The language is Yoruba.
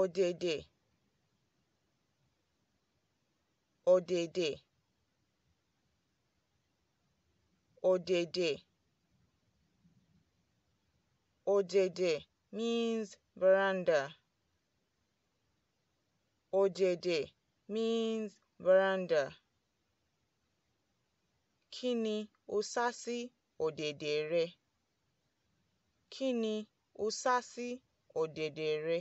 ọ̀dẹ̀dẹ̀ ọ̀dẹ̀dẹ̀ ọ̀dẹ̀dẹ̀ ọ̀dẹ̀dẹ̀ means veranda ọ̀dẹ̀dẹ̀ means veranda. Kini ni o sá sí ọ̀dẹ̀dẹ̀ rẹ? Kí o sá sí ọ̀dẹ̀dẹ̀ rẹ?